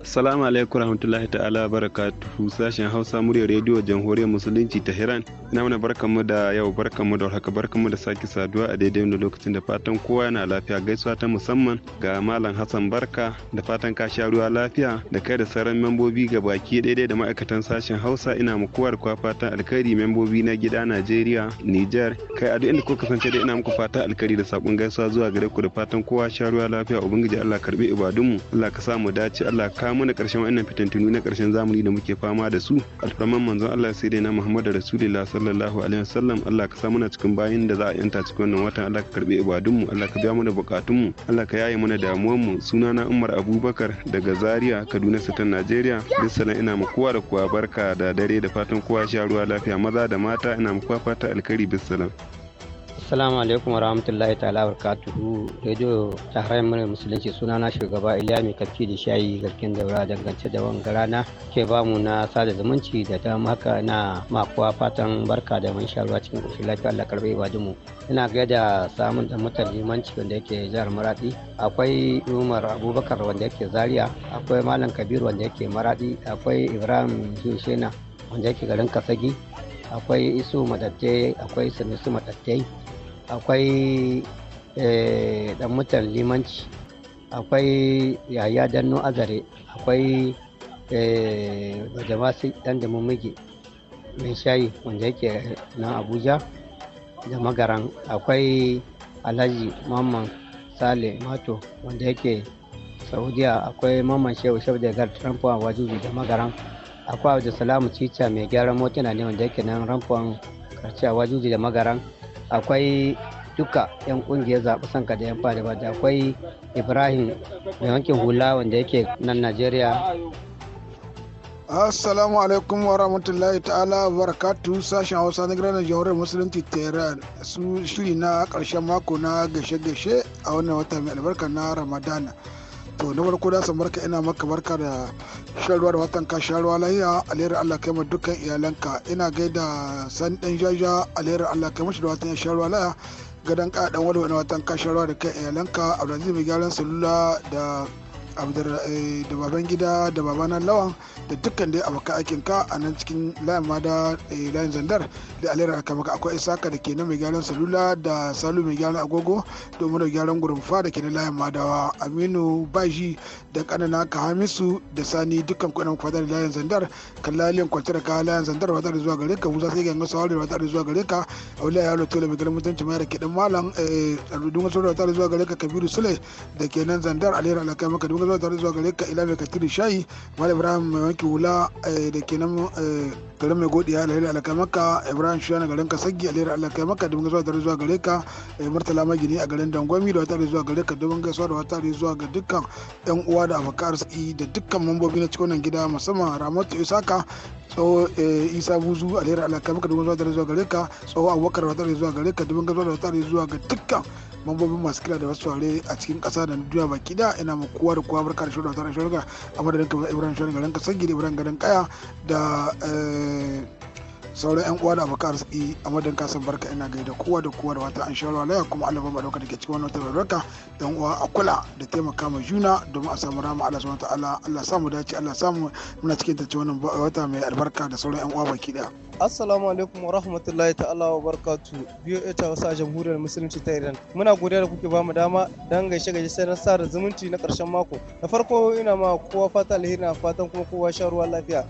Assalamu alaikum rahmatullahi ta'ala barakatuhu sashen Hausa murya rediyo Jamhuriyar Musulunci ta hiran Ina mana barkanmu da yau barkanmu da haka barkanmu da sake saduwa a daidai wani lokacin da fatan kowa yana lafiya gaisuwa ta musamman ga Malam Hassan Barka da fatan ka sha lafiya da kai da sauran membobi ga baki daidai da ma'aikatan sashen Hausa ina muku warkwa fatan alkhairi membobi na gida Najeriya, Niger, kai a duk inda kuka kasance dai ina muku fatan alkhairi da sakon gaisuwa zuwa gare ku da fatan kowa sha ruwa lafiya ubangiji Allah karbi ibadunmu Allah ka sa mu dace Allah ka mana karshen wannan fitantunu na karshen zamani da muke fama da su alfarman manzon Allah sai dai na Muhammadu Rasulullah sallallahu alaihi wasallam Allah ka sa muna cikin bayin da za a yanta cikin wannan watan Allah ka karbe ibadunmu Allah ka biya mana bukatunmu Allah ka yaye mana damuwanmu sunana Umar Abubakar daga Zaria Kaduna Sitan Najeriya bissalan ina mu kowa da kowa barka da dare da fatan kowa sha ruwa lafiya maza da mata ina mu kowa fata alkhairi bissalam Assalamu alaikum wa rahmatullahi ta'ala wa barakatuhu Radio Tahrayin Murar Musulunci suna na shugaba Iliya mai kafi da shayi garkin daura dangance da wanga rana ke bamu na sada zumunci da ta maka na makuwa fatan barka da man sharuwa cikin kusur lafiya Allah karbe ibadun mu. Ina gaida samun da mutan limanci wanda yake jihar Maradi akwai Umar Abubakar wanda yake Zaria akwai Malam Kabir wanda yake Maradi akwai Ibrahim Jushena wanda yake garin Kasagi akwai Isu Madatte akwai Madatte akwai eh, dan mutan limanci akwai yaya danno azare akwai eh, bajamasi dan da mummige mai shayi wanda yake nan abuja da magaran akwai alhaji mamman sale mato wanda yake saudiya akwai mamman shehu shehu da gar tramfuwa wajibi da magaran akwai abu da salamu cica mai gyaran motuna ne wanda yake nan ramfuwan karciya wajibi da magaran akwai duka 'yan kungiyar zaɓi sanka da 'yan fadi da akwai ibrahim mai wankin hula wanda yake nan najeriya assalamu alaikum wa rahmatullahi ta'ala barakatu sashen hausa na gina jamhuriyar musulunci tehran su shiri na karshen mako na gashe-gashe a wannan wata mai albarka na ramadana to na farko da san barka ina maka barka da sharuwa da watan ka sharuwa lahiya alherin Allah kai ma dukkan iyalanka ina gaida san dan jaja alherin Allah kai mashi da watan sharuwa ruwa lahiya gadan ka dan wani watan ka sharuwa da kai iyalanka Abdulaziz mai gyaran salula da Eh, da baban gida da babana lawan da dukkan dai abokan aikin ka a nan cikin layin mada eh, layin zandar da alera ka maka akwai isaka da ke na mai gyaran salula da salu mai gyaran agogo domin da gyaran gurumfa da ke na layin madawa aminu baji da kanana ka hamisu da sani dukkan kuɗin kwadar layin zandar kallalin kwantar ka layin zandar wata da zuwa gare ka musa sai gangan sawari wata da zuwa gare ka auliya yaro tola mai gyaran mutunci mai da ke dan malam eh, a rudun wasu wata da zuwa gare ka kabiru sule da ke nan zandar alera ka maka dukkan sallallahu alaihi zuwa gare ka ila mai katiri shayi wani ibrahim mai wanki wula eh, da ke nan eh, tare mai godiya alheri alakai maka ibrahim shiyana garin a lera alakai maka domin zuwa tare zuwa gare ka eh, murtala magini a garin dangwami da wata zuwa gare ka domin gaisuwa da wata zuwa ga dukkan yan uwa da abokan arziki da dukkan mambobi na cikin gida musamman ramatu isaka tsawo isa buzu lera alakai maka domin zuwa tare zuwa gare ka tsawo abubakar wata zuwa gare ka domin gaisuwa da wata zuwa ga dukkan mambobin masu kira da wasu a cikin ƙasa da duniya baki da ina mu kowa da kowa kuma amurka da shirya tare shirya amurka da kamar shirya shugaba ranka sangi da ibrahim gadon kaya da eh, sauran yan uwa da abokan arziki a madan kasan barka ina gaida kowa da kowa da wata an shawarwa laya kuma Allah ba madauka da ke cikin wannan tabarruka yan uwa a kula da taimaka ma juna domin a samu rama Allah subhanahu ta'ala Allah samu dace Allah samu muna cikin ta wannan wata mai albarka da sauran yan uwa baki daya Assalamu alaikum wa rahmatullahi ta'ala wa barkatu. biyo ita wasa jamhuriyar musulunci ta Iran muna godiya da kuke bamu dama dan gaishe gaishe sai na sa da zumunci na karshen mako na farko ina ma kowa fata alheri na fatan kuma kowa sha ruwa lafiya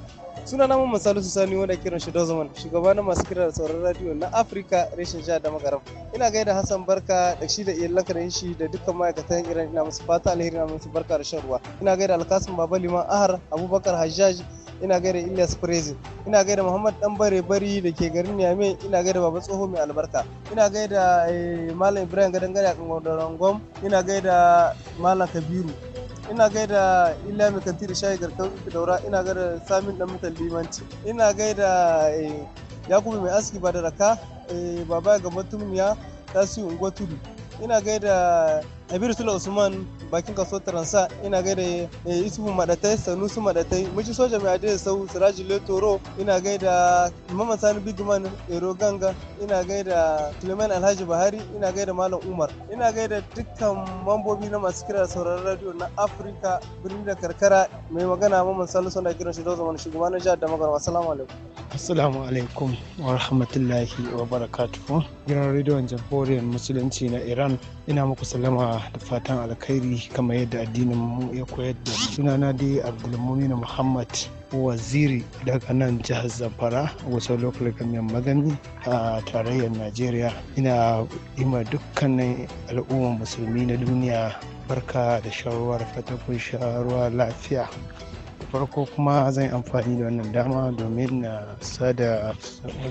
suna na mamman salisu sani wanda kiran shi dozaman shugaba na masu kira da sauran radio na afirka reshen jihar da magaram ina gaida hassan barka da shi da iyalanka da shi da dukkan ma'aikatan iran ina musu fata alheri na musu barka da shan ruwa ina gaida alkasim baba liman ahar abubakar hajjaj ina gaida Ilyas Prezi ina gaida Muhammad Dan Bare Bari da ke garin Niamey ina gaida Baba Tsoho mai albarka ina gaida eh, Malam Ibrahim Gadangare a kan Gwam ina gaida Malam Kabiru ina gaida iliya mai kanti da shayi daura ina gaida samin dan mutan limanci ina gaida eh, yakubu mai aski ba da raka eh, baba ga matumiya tasiri unguwa tudu ina gaida Abiru Sula Usman bakin kaso Taransa ina gaida Isufu eh, Madatai Sanusi Madatai Muci Soja Mai Adai Sau Siraji Letoro ina gaida Mamman Sani Bigman Ero Ganga ina gaida Suleiman Alhaji Bahari ina gaida Malam Umar ina gaida dukkan mambobi na masu kira da sauraron radio na Afirka birni da karkara mai magana Maman Salisu na kiran shi da zaman shugaban na jihar da magarwa assalamu alaikum assalamu alaikum wa rahmatullahi wa barakatuhu gidan rediyon jamhuriyar musulunci na Iran ina muku salama da fatan alkhairi kamar yadda addinin mu ya koyar da sunana dai abdulmumin muhammad waziri daga nan jihar zamfara wasu lokacin government magani a tarayyar najeriya ina ima dukkanin al'ummar musulmi na duniya barka da shawarwar fatakun shawarwar lafiya farko kuma zan amfani da wannan dama domin na sada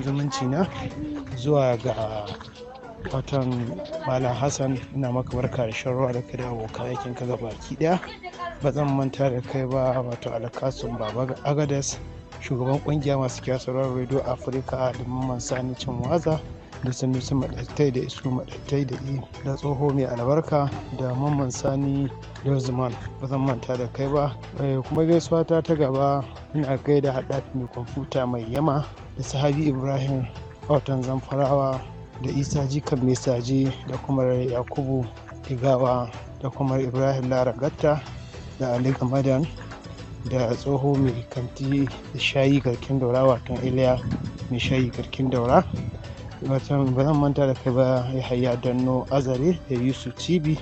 zumunci na zuwa ga watan malam hassan ina maka barka da shan da kai da abokan aikin ka gaba ki daya ba zan manta da kai ba wato alakasun baba Agades, shugaban kungiya masu kiyar sauran radio afirka da mamman sani cin waza da sanusi madattai da isu madattai da yi da tsoho mai albarka da mamman sani lozman ba zan manta da kai ba eh, kuma gaisuwa ta ta gaba ina gaida haɗa mai kwamfuta mai yama da sahabi ibrahim a watan zamfarawa da isa jikan mesaji da kuma yakubu Igawa da kuma ibrahim laragatta da ali gamadan da tsoho mai kanti da shayi garkin daura watan iliya mai shayi garkin daura watan ba manta da kai ba ya yahaya danno azare da yusuf cibi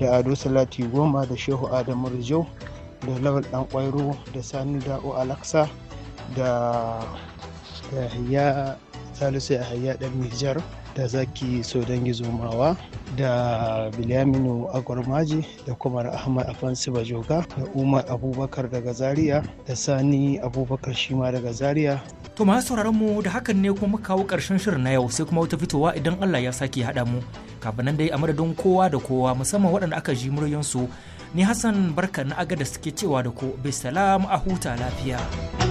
da ado salati goma da shehu adamu rijau da lawal dan kwairo da sani da'o alaksa da ya salisu yahaya ɗan nijar da zaki sodan gizomawa da bilyaminu agwarmaji da kuma ahmad afansi bajoga da umar abubakar daga zaria da sani abubakar shima daga zaria to masu sauraron mu da hakan ne kuma kawo karshen shirin na yau sai kuma wata fitowa idan allah ya sake haɗa mu kafin nan dai a madadin kowa da kowa musamman waɗanda aka ji muryansu ni hassan barka na aga suke cewa da ku bisalam a huta lafiya.